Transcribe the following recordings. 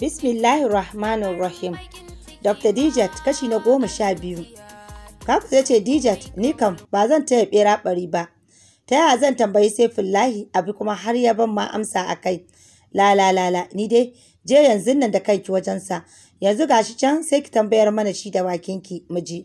Bismillahir Rahmanir Rahim. Dr. Dijat kashi na goma sha biyu. Kaku ya ce Dijat ni kam ba zan taya bera bari ba. Ta yaya zan tambayi sai Saifullahi abu kuma har ya ban ma amsa a kai. La la la la ni dai je yanzu nan da kai kanki wajensa. Yanzu gashi can sai ki tambayar mana shi da bakinki miji.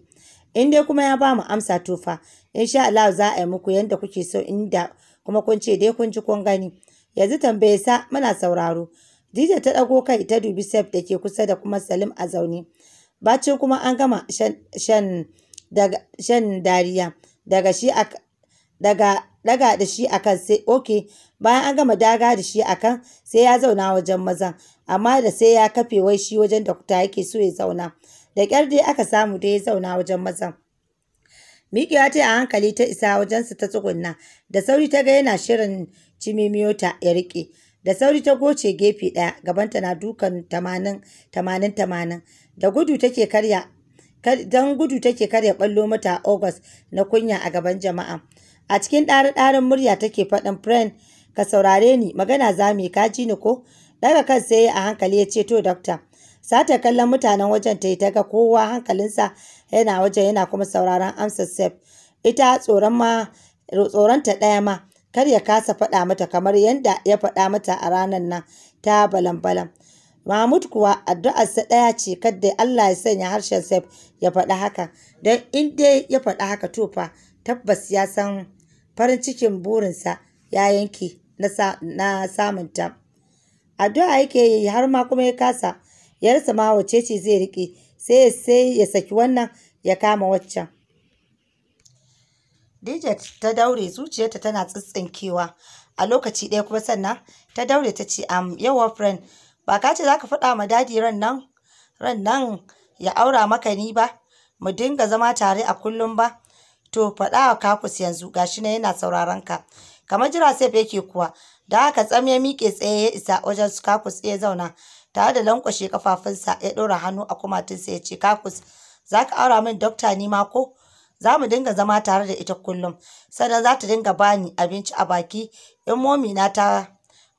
In dai kuma ya ba mu amsa tofa. Insha Allah za a yi muku yanda kuke so inda kuma kun ce dai kun ji kun gani. Yanzu tambaye sa muna sauraro. Dija ta ɗago kai ta dubi sef da ke kusa da kuma Salim a zaune. Bacin kuma an gama shan, dariya daga shi daga da shi akan sai oke bayan an gama daga da shi akan sai ya zauna wajen mazan amma da sai ya kafe wai shi wajen da kuta yake so ya zauna da kyar dai aka samu dai ya zauna wajen mazan Miƙewa ta a hankali ta isa wajensa ta tsugunna da sauri ta ga yana shirin cimimiyota ya riƙe. da sauri ta goce gefe ɗaya gabanta na dukan tamanin tamanin tamanin da gudu take karya don gudu take karya ɓallo mata august na kunya a gaban jama'a a cikin ɗari-ɗarin murya take faɗin friend ka saurare ni magana za mu yi ka ji ni ko ɗaga kan sai a hankali ya ce to dokta. sata kallon mutanen wajen ta yi ta ga kowa hankalinsa yana wajen yana kuma sauraron Amsa sef ita tsoron ma tsoronta ɗaya ma kar ya kasa faɗa mata kamar yadda ya faɗa mata a ranar nan ta balan-balan. Mahmud kuwa addu'arsa ɗaya ce kadda Allah ya sanya harshen Saif ya faɗa haka don in dai ya faɗa haka to tabbas ya san farin cikin burinsa ya yanke na samun ta. Addu'a yake yi har ma kuma ya kasa Yarsa rasa ma wacce zai riƙe sai ya saki wannan ya kama waccan. Dijet ta daure zuciyarta tana tsitsinkewa a lokaci ɗaya kuma sannan ta daure ta ce am yawa friend ba ka ce za ka faɗa ma dadi ran nan ran nan ya aura maka ni ba mu dinga zama tare a kullum ba to faɗa wa kakus yanzu gashi na yana sauraron ka kamar jira sai ba yake kuwa da haka tsam ya miƙe tsaye ya isa wajen su kakus ya zauna tare da lankwashe kafafunsa ya ɗora hannu a kumatinsa ya ce kakus za ka aura min dokta ni ma ko za mu dinga zama tare da ita kullum sannan za ta dinga bani abinci a baki in momina ta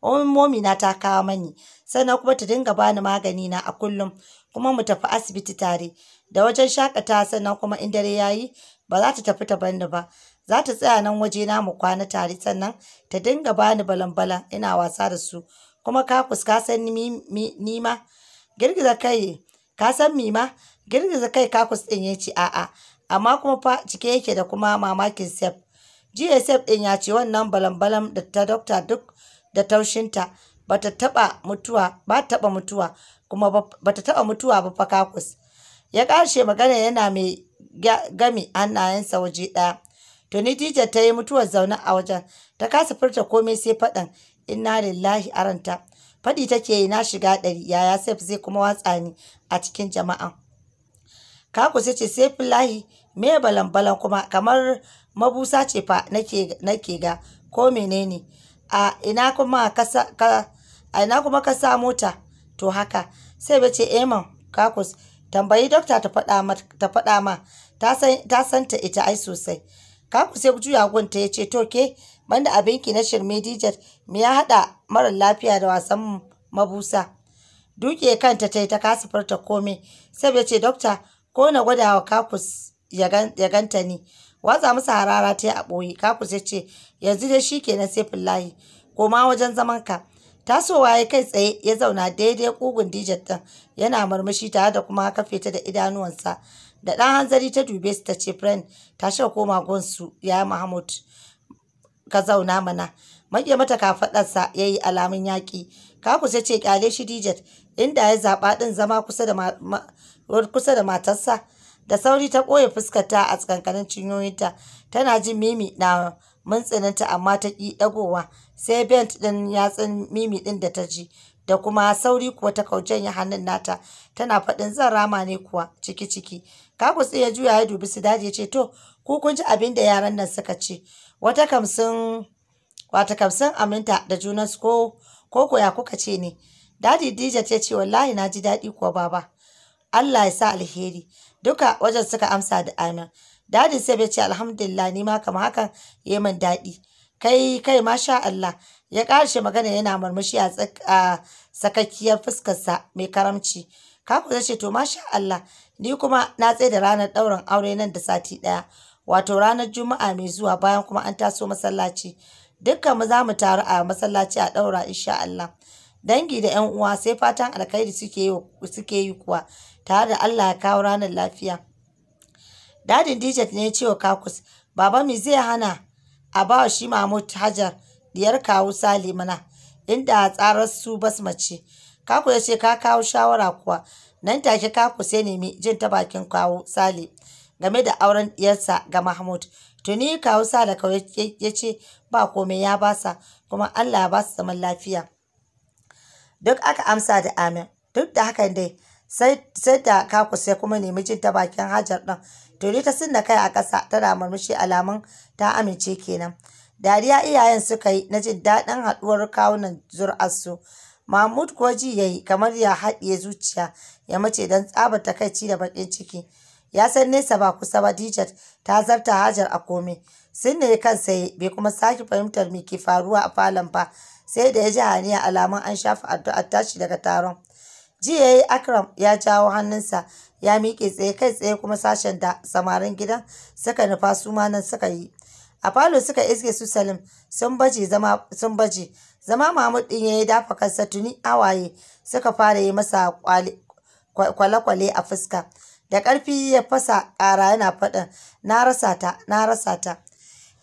in momina ta kawo mani sannan kuma ta dinga bani magani na a kullum kuma mu tafi asibiti tare da wajen shakata sannan kuma in dare yayi ba za ta tafi ta bani ba za ta tsaya nan waje na mu kwana tare sannan ta dinga bani balan ina wasa da su kuma ka kuska san nima girgiza kai ka san mima girgiza kai kakus ɗin ya yace a'a amma kuma fa cike yake da kuma mamakin sef jiya sef ɗin ya ce wannan balambalam da ta dokta duk da taushinta ba ta taɓa mutuwa ba taba mutuwa kuma ba ta mutuwa ba fakakus ya ƙarshe magana yana mai gami hannayensa waje ɗaya tuni dija ta yi mutuwar zaune a wajen ta kasa furta komai sai faɗan inna lillahi aranta faɗi take yi na shiga ɗari yaya sef zai kuma watsa ni a cikin jama'a kako sai ce sai filahi me balan balan kuma kamar mabusa ce fa nake ga ko menene a ina kuma ka a ina kuma ka sa mota. to haka sai bace eman eh, kakus tambayi dokta ta faɗa ma ta faɗa ma ta san ta ita ai sosai kakus sai juya gunta yace to ke banda abinki na shirme dijet me ya haɗa mara lafiya da wasan mabusa duke kanta tai ta kasa furta komai sai bace dokta ko na gwada wa kakus ya ganta ni watsa musu harara ta yi a ɓoye kakus ya ce yanzu dai shi ke kenan sai fillahi koma wajen zaman ka tasowa ya kai tsaye ya zauna daidai kugun dijar ɗin yana murmushi tare da kuma kafe ta da idanuwansa da ɗan hanzari ta dube su ta ce friend ta sha koma gonsu ya yi mahmud ka zauna mana maƙe mata kafaɗarsa ya yi alamun yaƙi kakus ya ce ƙyale shi dijet inda ya zaɓa ɗin zama kusa da matarsa da sauri ta ɓoye fuskata a tsakankanin cinyoyinta tana jin mimi na mintsinanta amma ta ƙi ɗagowa sai bent ɗin yatsun mimi ɗin da ta ji da kuma sauri kuwa ta ya hannun nata tana faɗin zan rama ne kuwa ciki ciki kakus ɗin ya juya ya dubi su daji ya ce to ku kun ji abin da yaran nan suka ce wata kam wata kam aminta da junansu ko ko koya kuka ce ne dadi dija ta ce wallahi na ji dadi kuwa baba Allah ya sa alheri duka wajen suka amsa da amin dadi sai bai ce alhamdulillah ni ma kamar hakan ya min dadi. kai kai masha Allah ya karshe magana yana murmushi a sakakkiyar fuskarsa mai karamci kaku zai ce to masha Allah ni kuma na tsaye da ranar ɗaurin aure nan da sati ɗaya wato ranar juma'a mai zuwa bayan kuma an taso masallaci dukkan mu za mu taru a masallaci a ɗaura insha Allah dangi da yan uwa sai fatan alkhairi suke yi kuwa tare da Allah ya kawo ranar lafiya dadin DJ ne ya ce wa kakus baba mi zai hana a ba shi Mahmud Hajar diyar kawo Sale mana inda tsarar su bas basmace kaku ya ce ka kawo shawara kuwa nan take kakus sai nemi jin ta bakin kawo Sale game da auren ɗiyarsa ga Mahmud. Tuni kawo kawai ya ce ba komai ya basa kuma Allah ya basu zaman lafiya. Duk aka amsa da amin. Duk da hakan dai sai da kaku sai kuma nemi jin ta bakin hajar ɗin. Tuni ta sinna kai a ƙasa tana murmushi alamun ta amince kenan. Dariya iyayen suka yi na jin daɗin haɗuwar kawunan zur'arsu. Mahmud kuwa ji ya yi kamar ya haɗiye zuciya ya mace don tsabar takaici da baƙin ciki. ya san nesa ba kusa ba dijat ta zarta hajar a komai sun ne saye bai kuma sake fahimtar me ke faruwa a falon ba sai da ya ji haniya alamun an shafa addu'ar tashi daga taron jiya yi akram ya jawo hannunsa ya miƙe tsaye kai tsaye kuma sashen da samarin gidan suka nufa su ma nan suka yi a falo suka iske su salim sun baje zama sun baje zama mahmud din yayi dafa kansa tuni awaye suka fara yi masa kwale-kwale a fuska da ƙarfi ya fasa ƙara yana faɗin na rasa ta na rasa ta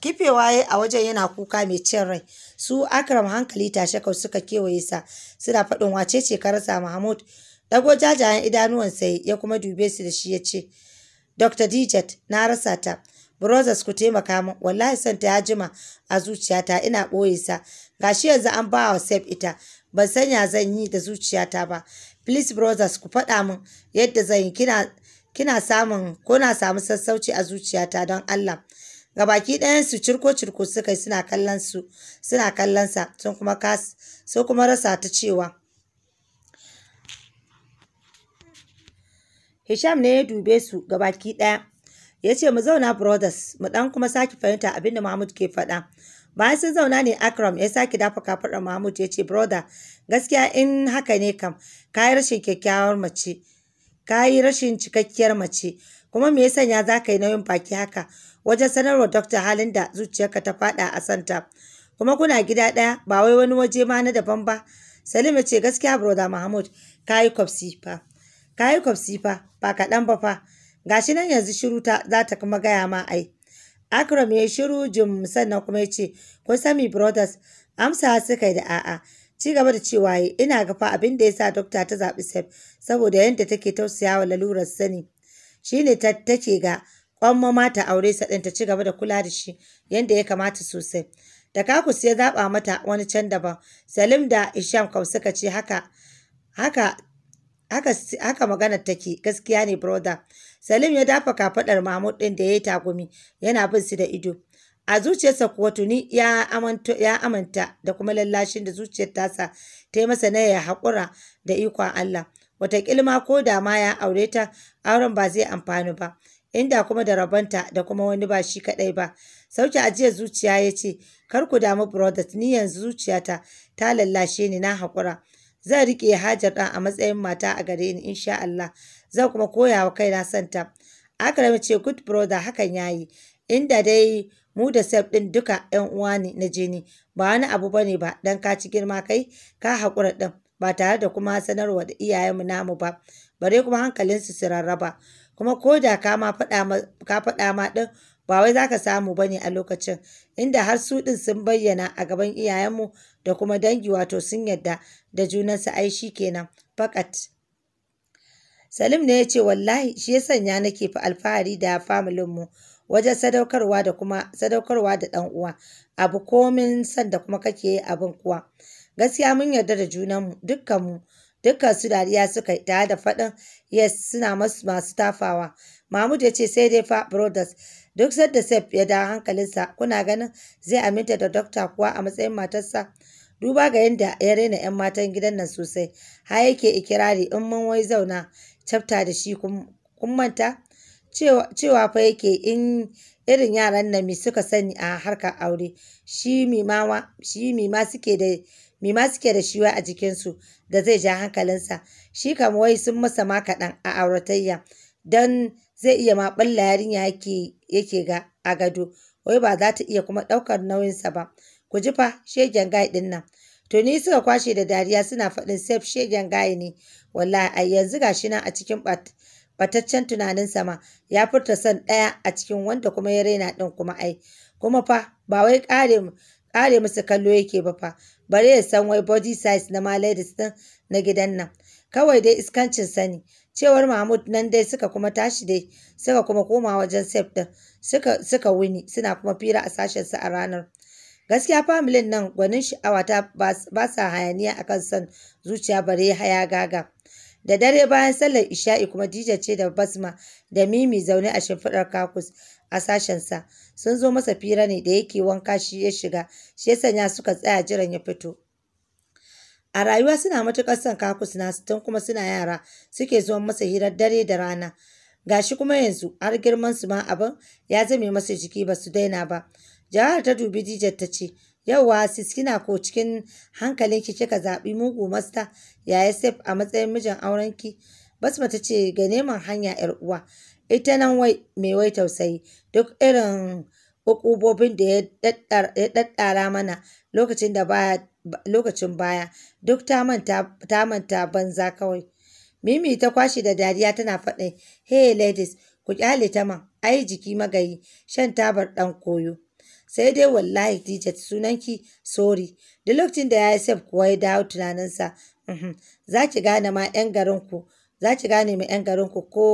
kifewa ya a wajen yana kuka mai cin rai su akram hankali tashe kau suka kewaye sa suna faɗin wace ce ka rasa mahmud dago jajayen idanuwan sai ya kuma dube su da shi ya ce dr dijet na rasa ta brothers ku taimaka min wallahi san ta ya jima a zuciyata ina ɓoye sa gashi yanzu an ba wa sef ita ban sanya zan yi da zuciyata ba please brothers ku faɗa min yadda zan yi kina kina samun ko na samu sassauci a zuciyata don Allah gabaki ɗayansu cirko cirko suka yi suna kallon su suna kallon sa sun kuma kas so kuma rasa ta cewa Hisham ne ya dube su gabaki ɗaya ya ce mu zauna brothers mu dan kuma sake fahimta abinda Mahmud ke faɗa bayan sun zauna ne Akram ya sake dafa kafaɗar Mahmud ya ce brother gaskiya in haka ne kam kayi rashin kyakkyawar mace ka yi rashin cikakkiyar mace kuma me ya sanya za ka yi nauyin baki haka wajen sanarwa dokta halin da zuciyarka ta faɗa a santa kuma kuna gida ɗaya ba wai wani waje ma na daban ba salim ya ce gaskiya broda mahmud ka yi kwafsi fa ka yi kwafsi fa ba kaɗan ba fa gashi nan yanzu shiru ta za ta kuma gaya ma ai akram ya yi shiru jim sannan kuma ya ce kun sami brothers amsa suka yi da a'a ci gaba da cewa ina ga fa abin da yasa dokta ta zaɓi sef saboda yadda take tausayawa lalurar sani shine ta take ga kwamma mata aure sa ta ci gaba da kula da shi yadda ya kamata sosai da kakus ya zaɓa mata wani can daban salim da isham kau suka ce haka haka haka haka maganar take gaskiya ne brother salim ya dafa kafaɗar mahmud ɗin da ya yi tagumi yana bin su da ido a zuciyarsa kuwa tuni ya amanta da kuma lallashin da zuciyar tasa ta yi masa na ya haƙura da ikon Allah wataƙila ma ko da ma ya aure ta auren ba zai amfani ba inda kuma da rabonta da kuma wani ba shi kaɗai ba sauke ajiyar zuciya ya ce kar ku damu brothers ni yanzu zuciyata ta lallashe ni na haƙura zan riƙe hajar ɗan a matsayin mata a gare ni insha Allah zan kuma koya wa kaina santa akrami ce good brother hakan yayi inda dai mu da Sef ɗin duka 'yan uwa ne na jini ba wani abu ba ne ba dan ka ci girma kai ka haƙura ɗin ba tare da kuma sanarwa da iyayenmu namu ba bare kuma hankalinsu su rarraba kuma ko da ka ma faɗa ma ɗin ba wai za ka samu ba ne a lokacin inda har su ɗin sun bayyana a gaban iyayenmu da kuma dangi wato sun yadda da junansu ai shi kenan fakat salim ne ya ce wallahi shi ya sanya nake fa alfahari da familinmu mu wajen sadaukarwa da kuma sadaukarwa da ɗan uwa abu komin san da kuma kake yi abin kuwa gaskiya mun yarda da junanmu mu dukkan su dariya suka yi da faɗin yes suna masu masu tafawa mahmud ya ce sai dai fa brothers duk sadda sef ya da hankalinsa kuna ganin zai aminta da dokta kuwa a matsayin matarsa duba ga yadda ya raina 'yan matan gidan nan sosai Ha yake ikirari in mun wai zauna cafta da shi kun manta cewa fa yake in irin yaran nan mi suka sani a harkar aure shi mi ma suke da mi ma suke da shiwa a jikinsu da zai ja hankalinsa shi kama wai sun masa ma kaɗan a auratayya don zai iya ma ɓalla yarinya yake ga a gado wai ba za ta iya kuma ɗaukar nauyinsa ba ku ji fa shegen gai ɗin nan to ni suka kwashe da dariya suna faɗin sef shegen gaye ne wallahi ai yanzu gashi nan a cikin bataccen tunanin sama ya furta son ɗaya a cikin wanda kuma ya raina ɗin kuma ai kuma fa ba wai ƙare musu kallo yake ba fa bare ya san wai body size na ma da ɗin na gidan nan kawai dai iskancin sani cewar mahmud nan dai suka kuma tashi dai suka kuma koma wajen sef ɗin suka, wuni suna kuma fira a sashen su a ranar gaskiya familin nan gwanin sha'awa ta ba sa hayaniya akan son zuciya bare haya gaga Da dare bayan sallar isha'i kuma Dija ce da Basma da Mimi zaune a shimfiɗar kakus a sashensa sun zo masa fira ne da yake wanka shi ya shiga shi ya sanya suka tsaya jiran ya fito. A rayuwa suna matuƙar son kakus na tun kuma suna yara suke zuwa masa hirar dare da rana. Gashi kuma yanzu har girman su ma abin ya zame masa jiki ba su daina ba. Jawahar ta dubi Dijar ta ce, Yauwa sis kina ko cikin hankalin hankalinki kika zaɓi mugu masta yaya Sef a matsayin mijin aurenki? Basma ta ce ga neman hanya ‘yar uwa. Ita nan wai me wai tausayi duk irin hukubobin da ya daddara mana lokacin da baya lokacin baya duk ta manta banza kawai. Mimi ta kwashe da dariya tana faɗin hey ladies ku kyale ta man ai jiki magayi shan tabar ɗan koyo. sai dai wallahi Dijet sunanki sorry da lokacin da sef kuwa ya dawo tunaninsa uhm, za ki gane ma 'yan garinku za ki gane ma 'yan garinku ko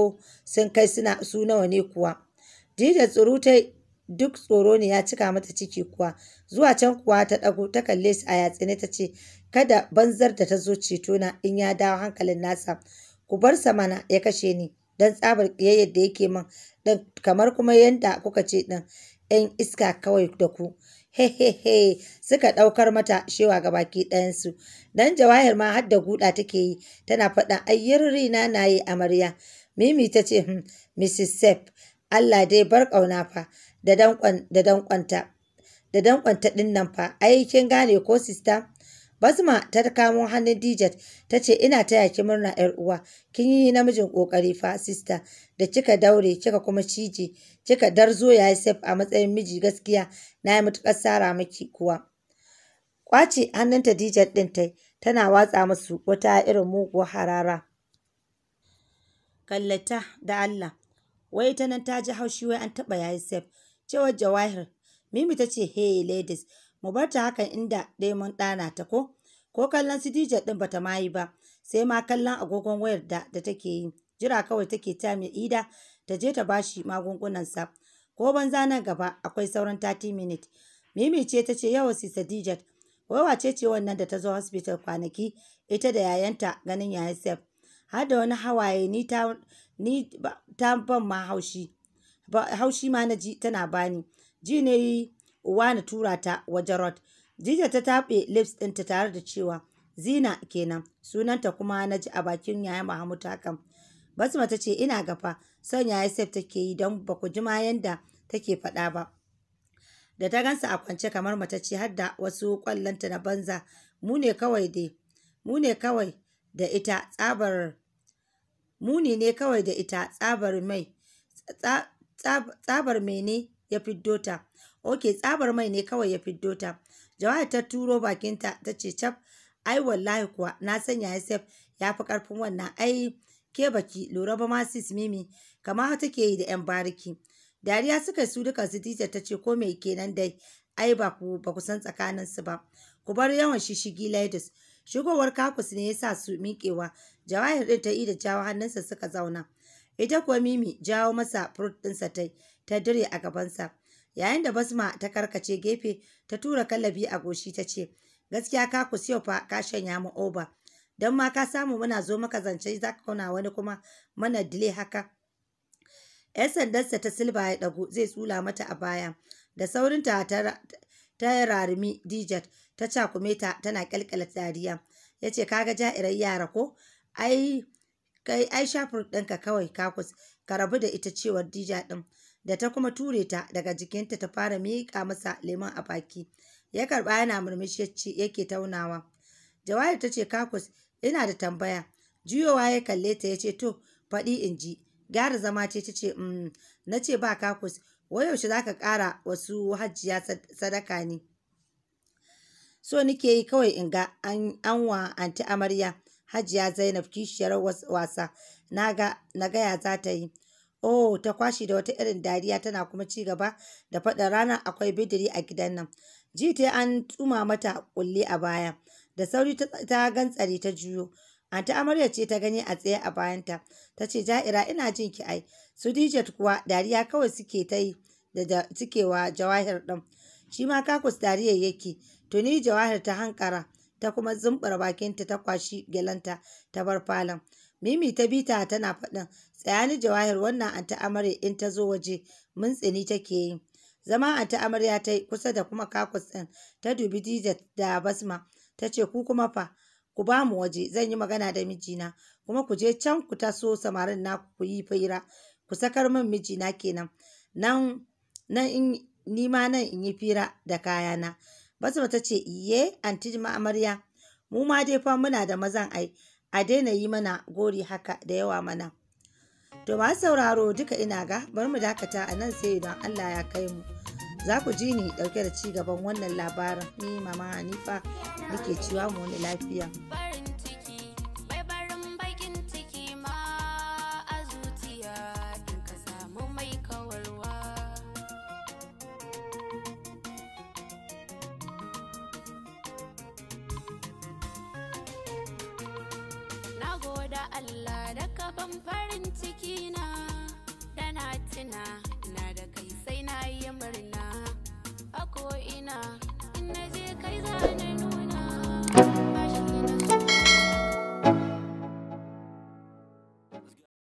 sun kai suna su ne kuwa Dijet tsoro ta duk tsoro ne ya cika mata ciki kuwa zuwa can kuwa ta ɗago ta kalle su a ne ta ce kada banzar da ta zo ceto na in ya dawo hankalin nasa ku bar sa mana ya kashe ni don tsabar ƙiyayyar da yake min kamar kuma yanda kuka ce din ‘yan iska kawai da ku. Hehehe suka ɗaukar mata shewa ga baki ɗayansu. Don jawahir ma har da guda take yi tana faɗa ayyar rina na yi amarya. Mimi ta ce, Mrs. Hmm, Sepp, Allah dai bar ƙauna fa da danƙwanta. Da ɗin nan fa, ai kin gane ko sista? Bazma ta kamo hannun Dijet ta ce ina taya ki murna ‘yar uwa, kin yi namijin kokari fa sista da kika daure kika kuma cije kika darzo ya sef a matsayin miji gaskiya na yi matuƙar sara miki kuwa. Kwace hannunta Dijet din tai tana watsa musu wata irin muguwar harara. Kallata da Allah, wai ta nan ta ji haushi wai an taɓa yayi sef. Cewar Jawahir, Mimi ta ce, Hey ladies, mu bar ta hakan inda lemun mun ɗana ta ko ko kallon su DJ ɗin bata ma yi ba sai ma kallon agogon wayar da da take yi jira kawai take ta mai ida ta je ta bashi magungunan sa. ko banza nan gaba akwai sauran 30 minutes Mimi ce ta ce yawa Sista wai wace ce wannan da ta zo hospital kwanaki ita da yayanta ganin yayan Sef. Har da wani hawaye ni ta ni ta ban ma haushi. Haushi ma na ji tana bani. Ji ne uwa na tura ta wajen Rod. Jija ta taɓe lips ɗinta tare da cewa Zina kenan sunanta kuma na ji a bakin yaya Mahmud hakan. Basma ta ce ina gafa son yaya Sef take yi don ba ku jima yanda take faɗa ba. Da ta gansa a kwance kamar mata ce har da wasu kwallonta na banza mu ne kawai dai mu kawai da ita tsabar muni ne kawai da ita tsabar mai tsabar mene ya fiddo ta ok tsabar mai ne kawai ya fiddo ta jawahar ta turo bakinta ta ce cap ai wallahi kuwa na sanya ya yasef ya fi karfin wannan ai ke baki lura ba masis mimi kama take yi da yan bariki dariya suka su duka su tita ta ce ko mai kenan dai ai ba ku ba ku san tsakanin su ba ku bar yawan shishigi ladies shigowar kakus ne ya sa su miƙewa jawahir ɗin ta yi da jawo hannunsa suka zauna ita kuwa mimi jawo masa furut ɗinsa ta yi ta dire a gabansa yayin da basma ta karkace gefe ta tura kallabi a goshi ta ce gaskiya ka ku siyo fa ka shanya mu oba don ma ka samu muna zo maka zance za ka kauna wani kuma mana dile haka yan sandarsa ta silba ya dagu zai tsula mata a baya da saurin ta ta rarumi ta cakume ta tana kalkala dariya ya ce kaga ja'irar yara ko ai kai ai shafur ɗinka kawai kakus ka rabu da ita cewar dija ɗin da ta kuma ture ta daga jikinta ta fara miƙa masa lemon a baki ya karɓa yana murmushi yake taunawa jawahir ta ce kakus ina da tambaya juyowa ya kalle ta ya ce to faɗi in ji gyara zama ce ta ce mm, na ce ba kakus wai yaushe za ka ƙara wasu hajjiya sadaka ne so nike yi kawai in ga an wa anti amarya hajiya zainab kishiyar wasa na gaya za ta yi Oh, ta kwashi da wata irin dariya tana kuma ci gaba da faɗa rana akwai bidiri a gidan nan. Ji ta an tsuma mata kulle a baya. Da sauri ta gantsare ta juyo. Anta Amarya ce ta gani a tsaye a bayanta. Ta ce, Ja'ira ina jin ki ai. Su Dijat kuwa dariya kawai suke ta yi da suke Jawahir ɗin. Shi ma kakus dariya yake. Tuni Jawahir ta hankara ta kuma zumbura bakinta ta kwashi gyalanta ta bar falon. Mimi ta bita tana faɗin tsayani jawahir wannan anta amarya in ta zo waje mun tsini take yi. Zama anta amarya ta yi kusa da kuma kakus ɗin ta dubi Dija da Basma ta ce ku kuma fa ku ba mu waje zan yi magana da mijina kuma ku je can ku taso samarin na ku yi fira ku sakar min mijina kenan nan nan in ni ma nan in yi fira da kayana. Basma ta ce iye anti amarya mu ma dai fa muna da mazan ai a daina yi mana gori haka da yawa mana to ma sauraro duka ina ga bar mu dakata a nan sai idan allah ya kai mu za ku ji ni ɗauke da ci gaban wannan labarin ni mama hanifa nake ciwa mu wani lafiya ya Allah da kafan farin ciki na da na tuna na da kai sai na yi murna a ko ina